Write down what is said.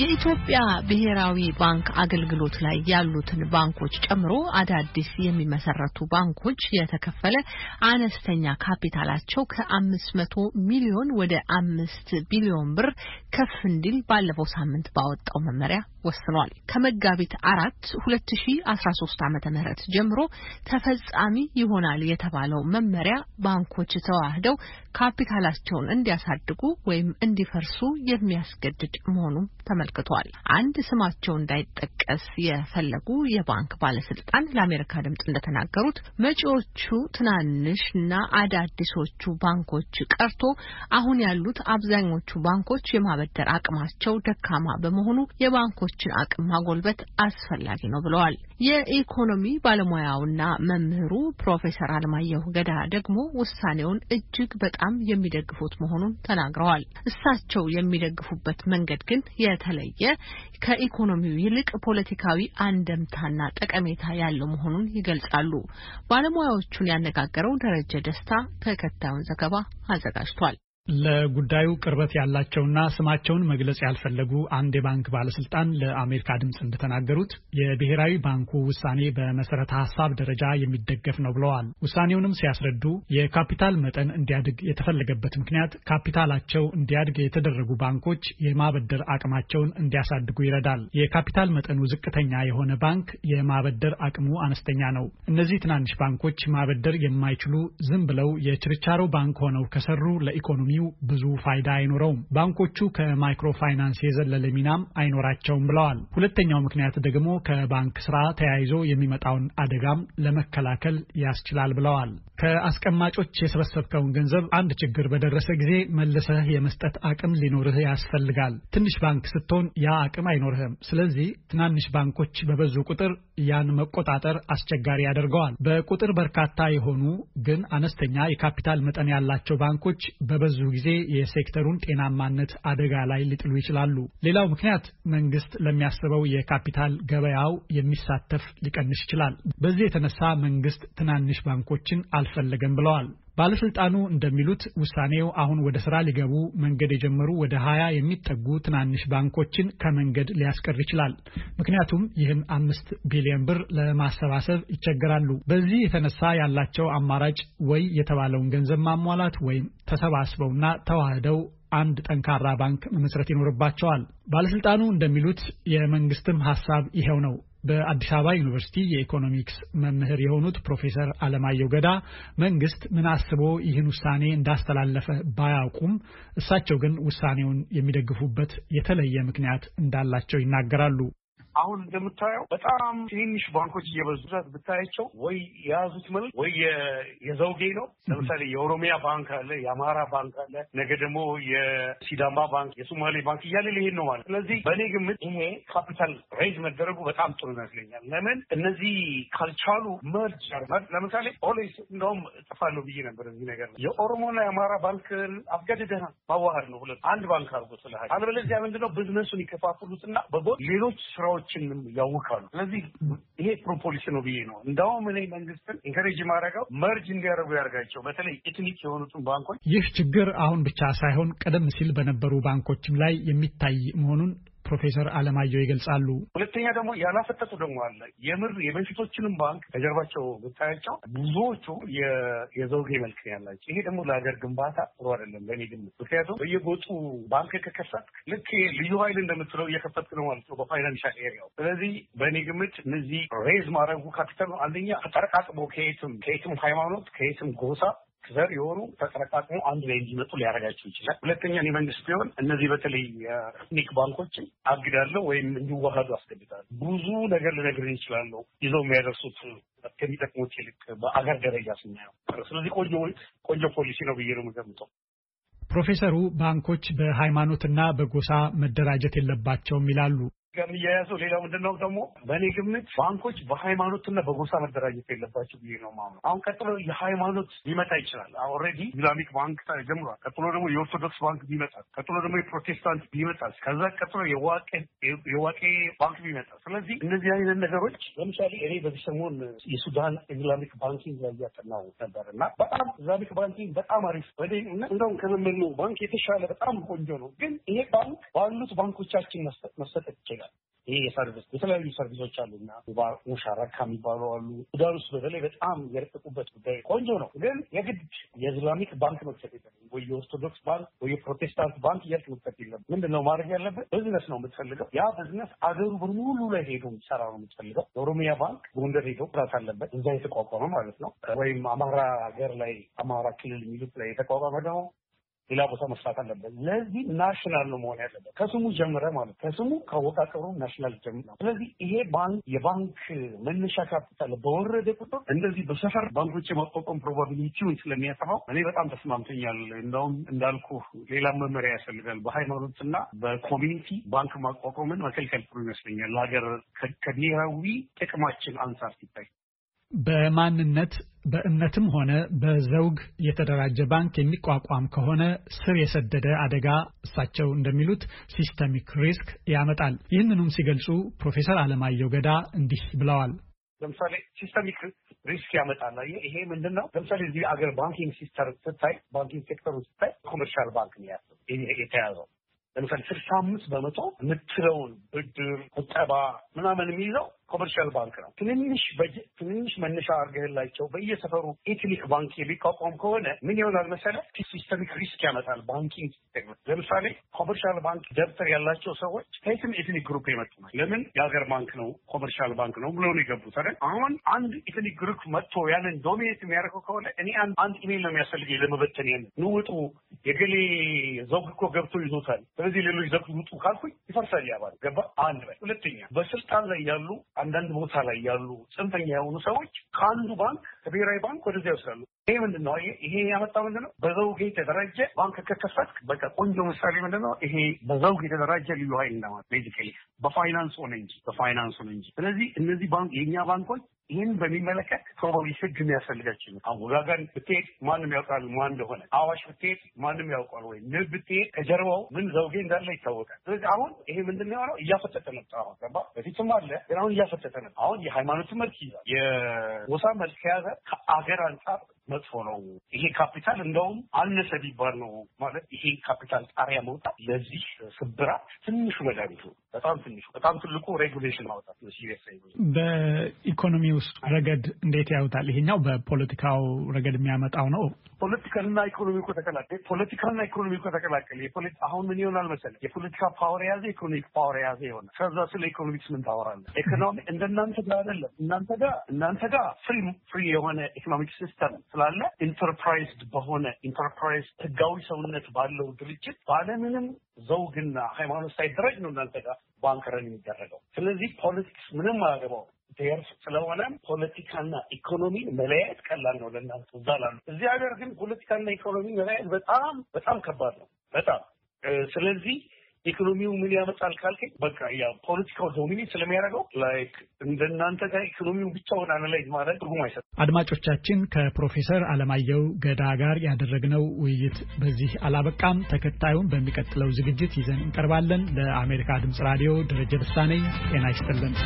የኢትዮጵያ ብሔራዊ ባንክ አገልግሎት ላይ ያሉትን ባንኮች ጨምሮ አዳዲስ የሚመሰረቱ ባንኮች የተከፈለ አነስተኛ ካፒታላቸው ከአምስት መቶ ሚሊዮን ወደ አምስት ቢሊዮን ብር ከፍ እንዲል ባለፈው ሳምንት ባወጣው መመሪያ ወስኗል። ከመጋቢት አራት ሁለት ሺ አስራ ሶስት ምህረት ጀምሮ ተፈጻሚ ይሆናል የተባለው መመሪያ ባንኮች ተዋህደው ካፒታላቸውን እንዲያሳድጉ ወይም እንዲፈርሱ የሚያስገድድ መሆኑም ተመ አመልክቷል። አንድ ስማቸው እንዳይጠቀስ የፈለጉ የባንክ ባለስልጣን ለአሜሪካ ድምጽ እንደተናገሩት መጪዎቹ ትናንሽና አዳዲሶቹ ባንኮች ቀርቶ አሁን ያሉት አብዛኞቹ ባንኮች የማበደር አቅማቸው ደካማ በመሆኑ የባንኮችን አቅም ማጎልበት አስፈላጊ ነው ብለዋል። የኢኮኖሚ ባለሙያውና መምህሩ ፕሮፌሰር አለማየሁ ገዳ ደግሞ ውሳኔውን እጅግ በጣም የሚደግፉት መሆኑን ተናግረዋል። እሳቸው የሚደግፉበት መንገድ ግን የተ የተለየ ከኢኮኖሚው ይልቅ ፖለቲካዊ አንደምታና ጠቀሜታ ያለው መሆኑን ይገልጻሉ። ባለሙያዎቹን ያነጋገረው ደረጀ ደስታ ተከታዩን ዘገባ አዘጋጅቷል። ለጉዳዩ ቅርበት ያላቸውና ስማቸውን መግለጽ ያልፈለጉ አንድ የባንክ ባለስልጣን ለአሜሪካ ድምፅ እንደተናገሩት የብሔራዊ ባንኩ ውሳኔ በመሰረተ ሀሳብ ደረጃ የሚደገፍ ነው ብለዋል። ውሳኔውንም ሲያስረዱ የካፒታል መጠን እንዲያድግ የተፈለገበት ምክንያት ካፒታላቸው እንዲያድግ የተደረጉ ባንኮች የማበደር አቅማቸውን እንዲያሳድጉ ይረዳል። የካፒታል መጠኑ ዝቅተኛ የሆነ ባንክ የማበደር አቅሙ አነስተኛ ነው። እነዚህ ትናንሽ ባንኮች ማበደር የማይችሉ ዝም ብለው የችርቻሮ ባንክ ሆነው ከሰሩ ለኢኮኖሚ ኢኮኖሚው ብዙ ፋይዳ አይኖረውም፣ ባንኮቹ ከማይክሮ ፋይናንስ የዘለለ ሚናም አይኖራቸውም ብለዋል። ሁለተኛው ምክንያት ደግሞ ከባንክ ስራ ተያይዞ የሚመጣውን አደጋም ለመከላከል ያስችላል ብለዋል። ከአስቀማጮች የሰበሰብከውን ገንዘብ አንድ ችግር በደረሰ ጊዜ መልሰህ የመስጠት አቅም ሊኖርህ ያስፈልጋል። ትንሽ ባንክ ስትሆን ያ አቅም አይኖርህም። ስለዚህ ትናንሽ ባንኮች በበዙ ቁጥር ያን መቆጣጠር አስቸጋሪ ያደርገዋል። በቁጥር በርካታ የሆኑ ግን አነስተኛ የካፒታል መጠን ያላቸው ባንኮች በበዙ ብዙ ጊዜ የሴክተሩን ጤናማነት አደጋ ላይ ሊጥሉ ይችላሉ። ሌላው ምክንያት መንግስት ለሚያስበው የካፒታል ገበያው የሚሳተፍ ሊቀንስ ይችላል። በዚህ የተነሳ መንግስት ትናንሽ ባንኮችን አልፈለገም ብለዋል። ባለስልጣኑ እንደሚሉት ውሳኔው አሁን ወደ ስራ ሊገቡ መንገድ የጀመሩ ወደ ሀያ የሚጠጉ ትናንሽ ባንኮችን ከመንገድ ሊያስቀር ይችላል። ምክንያቱም ይህን አምስት ቢሊዮን ብር ለማሰባሰብ ይቸገራሉ። በዚህ የተነሳ ያላቸው አማራጭ ወይ የተባለውን ገንዘብ ማሟላት ወይም ተሰባስበውና ተዋህደው አንድ ጠንካራ ባንክ መመስረት ይኖርባቸዋል። ባለስልጣኑ እንደሚሉት የመንግስትም ሀሳብ ይሄው ነው። በአዲስ አበባ ዩኒቨርሲቲ የኢኮኖሚክስ መምህር የሆኑት ፕሮፌሰር አለማየሁ ገዳ መንግስት ምን አስቦ ይህን ውሳኔ እንዳስተላለፈ ባያውቁም እሳቸው ግን ውሳኔውን የሚደግፉበት የተለየ ምክንያት እንዳላቸው ይናገራሉ። አሁን እንደምታየው በጣም ትንንሽ ባንኮች እየበዙ ብታያቸው ወይ የያዙት መልክ ወይ የዘውጌ ነው። ለምሳሌ የኦሮሚያ ባንክ አለ፣ የአማራ ባንክ አለ፣ ነገ ደግሞ የሲዳማ ባንክ፣ የሶማሌ ባንክ እያለ ሊሄድ ነው ማለት። ስለዚህ በእኔ ግምት ይሄ ካፒታል ሬይዝ መደረጉ በጣም ጥሩ ይመስለኛል። ለምን እነዚህ ካልቻሉ መርጅ ለምሳሌ ኦሌስ እንደውም እጥፋለሁ ብዬ ነበር እዚህ ነገር ላይ የኦሮሞና የአማራ ባንክን አስገድደህ ማዋሃድ ነው። ሁለት አንድ ባንክ አድርጎ ስለሀ አለበለዚያ ምንድነው ብዝነሱን ይከፋፍሉትና በጎ ሌሎች ስራዎች ስራዎችን ያውካሉ። ስለዚህ ይሄ ፕሮፖሊስ ነው ብዬ ነው እንዳውም እኔ መንግስትን ኢንከሬጅ ማድረገው መርጅ እንዲያደርጉ ያደርጋቸው በተለይ ኤትኒክ የሆኑትን ባንኮች። ይህ ችግር አሁን ብቻ ሳይሆን ቀደም ሲል በነበሩ ባንኮችም ላይ የሚታይ መሆኑን ፕሮፌሰር አለማየሁ ይገልጻሉ። ሁለተኛ ደግሞ ያላፈጠጡ ደግሞ አለ። የምር የበፊቶችንም ባንክ ከጀርባቸው ብታያቸው ብዙዎቹ የዘውጌ መልክ ያላቸው። ይሄ ደግሞ ለሀገር ግንባታ ጥሩ አይደለም ለእኔ ግምት። ምክንያቱም በየጎጡ ባንክ ከከፈት ልክ ልዩ ኃይል እንደምትለው እየከፈትክ ነው ማለት ነው በፋይናንሻል ኤሪያው። ስለዚህ በእኔ ግምት እነዚህ ሬዝ ማድረጉ ካፒታል አንደኛ ተጠረቃቅሞ ከየትም ከየትም ሃይማኖት ከየትም ጎሳ ዘር የወሩ ተጠረቃቅሞ አንድ ላይ እንዲመጡ ሊያደርጋቸው ይችላል። ሁለተኛ እኔ መንግስት ቢሆን እነዚህ በተለይ የኒክ ባንኮችን አግዳለሁ ወይም እንዲዋሃዱ አስገድዳለሁ። ብዙ ነገር ልነግር ይችላለሁ ይዘው የሚያደርሱት ከሚጠቅሙት ይልቅ በአገር ደረጃ ስናየው፣ ስለዚህ ቆንጆ ቆንጆ ፖሊሲ ነው ብዬ ነው የምገምጠው። ፕሮፌሰሩ ባንኮች በሃይማኖትና በጎሳ መደራጀት የለባቸውም ይላሉ። ጋር እያያዘው ሌላው ምንድን ነው ደግሞ በእኔ ግምት ባንኮች በሃይማኖትና በጎሳ መደራጀት የለባቸው ብዬ ነው ማምነው። አሁን ቀጥሎ የሃይማኖት ሊመጣ ይችላል። ኦልሬዲ ኢስላሚክ ባንክ ጀምሯል። ቀጥሎ ደግሞ የኦርቶዶክስ ባንክ ቢመጣል፣ ቀጥሎ ደግሞ የፕሮቴስታንት ቢመጣል፣ ከዛ ቀጥሎ የዋቄ ባንክ ቢመጣል። ስለዚህ እነዚህ አይነት ነገሮች ለምሳሌ እኔ በዚህ ሰሞን የሱዳን ኢስላሚክ ባንኪንግ ላይ እያጠናው ነበር እና በጣም ኢስላሚክ ባንኪንግ በጣም አሪፍ እንደውም ከመመሉ ባንክ የተሻለ በጣም ቆንጆ ነው። ግን ይሄ ባንክ ባሉት ባንኮቻችን መሰጠት ይችላል ይህ ይሄ የሰርቪስ የተለያዩ ሰርቪሶች አሉና ሙሻረካ የሚባሉ አሉ። ሱዳን ውስጥ በተለይ በጣም የረቀቁበት ጉዳይ ቆንጆ ነው፣ ግን የግድ የእስላሚክ ባንክ መክፈት የለም ወይ የኦርቶዶክስ ባንክ ወይ የፕሮቴስታንት ባንክ እያልክ መክፈት የለም። ምንድን ነው ማድረግ ያለበት? ብዝነስ ነው የምትፈልገው። ያ ቢዝነስ አገሩ በሙሉ ላይ ሄዶ ሰራ ነው የምትፈልገው። የኦሮሚያ ባንክ ጎንደር ሄዶ ስራት አለበት፣ እዛ የተቋቋመ ማለት ነው። ወይም አማራ ሀገር ላይ አማራ ክልል የሚሉት ላይ የተቋቋመ ደግሞ ሌላ ቦታ መስራት አለበት። ለዚህ ናሽናል ነው መሆን ያለበት ከስሙ ጀምረ ማለት ከስሙ ከአወቃቀሩ ናሽናል ጀምረ። ስለዚህ ይሄ ባንክ የባንክ መነሻ ካፒታል በወረደ ቁጥር እንደዚህ በሰፈር ባንኮች የማቋቋም ፕሮባቢሊቲውን ስለሚያጠፋው እኔ በጣም ተስማምተኛል። እንደውም እንዳልኩ ሌላ መመሪያ ያስፈልጋል። በሃይማኖትና በኮሚኒቲ ባንክ ማቋቋምን መከልከል ጥሩ ይመስለኛል ለሀገር ከብሔራዊ ጥቅማችን አንጻር ሲታይ በማንነት በእምነትም ሆነ በዘውግ የተደራጀ ባንክ የሚቋቋም ከሆነ ስር የሰደደ አደጋ እሳቸው እንደሚሉት ሲስተሚክ ሪስክ ያመጣል። ይህንኑም ሲገልጹ ፕሮፌሰር አለማየሁ ገዳ እንዲህ ብለዋል። ለምሳሌ ሲስተሚክ ሪስክ ያመጣል። ይሄ ምንድን ነው? ለምሳሌ እዚህ አገር ባንኪንግ ሲስተር ስታይ፣ ባንኪንግ ሴክተሩ ስታይ ኮመርሻል ባንክ ነው የተያዘው። ለምሳሌ ስልሳ አምስት በመቶ የምትለውን ብድር፣ ቁጠባ ምናምን የሚይዘው ኮመርሻል ባንክ ነው። ትንንሽ ትንንሽ መነሻ አርገህላቸው በየሰፈሩ ኤትኒክ ባንክ የሚቋቋም ከሆነ ምን ይሆናል መሰለህ? ሲስተሚክ ሪስክ ያመጣል። ባንኪንግ ሲስተም ለምሳሌ ኮመርሻል ባንክ ደብተር ያላቸው ሰዎች ከየትም ኤትኒክ ግሩፕ የመጡ ነው። ለምን የሀገር ባንክ ነው ኮመርሻል ባንክ ነው ብለው ነው የገቡት አይደል? አሁን አንድ ኤትኒክ ግሩፕ መጥቶ ያንን ዶሚኔት የሚያደርገው ከሆነ እኔ አንድ አንድ ኢሜል ነው የሚያስፈልገኝ ለመበተን ያለ ንውጡ የገሌ ዘውግ እኮ ገብቶ ይዞታል። ስለዚህ ሌሎች ዘውግ ውጡ ካልኩኝ ይፈርሳል። ያባል ገባ አንድ በል ሁለተኛ በስልጣን ላይ ያሉ አንዳንድ ቦታ ላይ ያሉ ጽንፈኛ የሆኑ ሰዎች ከአንዱ ባንክ ከብሔራዊ ባንክ ወደዚ ይወስዳሉ። ይሄ ምንድን ነው? ይሄ ያመጣ ምንድን ነው? በዘውግ የተደራጀ ባንክ ከከፈት በቃ ቆንጆ ምሳሌ ምንድን ነው? ይሄ በዘውግ የተደራጀ ልዩ ኃይል ለማለት ቤዚካሊ በፋይናንስ ሆነ እንጂ በፋይናንስ ሆነ እንጂ። ስለዚህ እነዚህ ባንክ የእኛ ባንኮች ይህን በሚመለከት ፕሮባብሊ ህግ የሚያስፈልጋችን አወጋገን ብትሄድ ማንም ያውቃል ማን እንደሆነ፣ አዋሽ ብትሄድ ማንም ያውቃል ወይ ንብ ብትሄድ ከጀርባው ምን ዘውጌ እንዳለ ይታወቃል። ስለዚህ አሁን ይሄ ምንድን ነው የሆነው? እያፈጠጠ መጣ። ገባ በፊትም አለ ግን አሁን እያፈጠጠ ነው። አሁን የሃይማኖት መልክ ይዛል ወሳመል ከያዘ ካብ ኣገር አንፃር መጥፎ ነው። ይሄ ካፒታል እንደውም አነሰ ቢባል ነው ማለት ይሄ ካፒታል ጣሪያ መውጣት ለዚህ ስብራት ትንሹ መድኃኒቱ በጣም ትንሹ በጣም ትልቁ ሬጉሌሽን ማውጣት ነው። ሲሪየስ በኢኮኖሚ ውስጥ ረገድ እንዴት ያውታል? ይሄኛው በፖለቲካው ረገድ የሚያመጣው ነው። ፖለቲካልና ኢኮኖሚ እኮ ተቀላቀለ። ፖለቲካና ኢኮኖሚ እኮ ተቀላቀለ። አሁን ምን ይሆናል መሰለህ? የፖለቲካ ፓወር የያዘ ኢኮኖሚክ ፓወር የያዘ የሆነ ከዛ ስለ ኢኮኖሚክስ ምን ታወራለህ? ኢኮኖሚ እንደናንተ ጋር አይደለም። እናንተ ጋር እናንተ ጋር ፍሪ ፍሪ የሆነ ኢኮኖሚክ ሲስተም ስላለ ኢንተርፕራይዝድ በሆነ ኢንተርፕራይዝ ህጋዊ ሰውነት ባለው ድርጅት ባለምንም ዘውግና ሃይማኖት ሳይደረግ ነው እናንተ ጋር ባንክረን የሚደረገው። ስለዚህ ፖለቲክስ ምንም አያገባው ርፍ ስለሆነ ፖለቲካና ኢኮኖሚ መለያየት ቀላል ነው ለእናንተ እዛ ላሉ። እዚህ ሀገር ግን ፖለቲካና ኢኮኖሚ መለያየት በጣም በጣም ከባድ ነው በጣም ስለዚህ ኢኮኖሚው ምን ያመጣል ካልከኝ በቃ ያ ፖለቲካው ዶሚኒ ስለሚያደርገው ላይክ እንደናንተ ጋር ኢኮኖሚው ብቻውን አናላይዝ ማድረግ ትርጉም አይሰጥም። አድማጮቻችን ከፕሮፌሰር አለማየሁ ገዳ ጋር ያደረግነው ውይይት በዚህ አላበቃም። ተከታዩን በሚቀጥለው ዝግጅት ይዘን እንቀርባለን። ለአሜሪካ ድምጽ ራዲዮ ደረጀ ደሳለኝ ጤና ይስጥልን።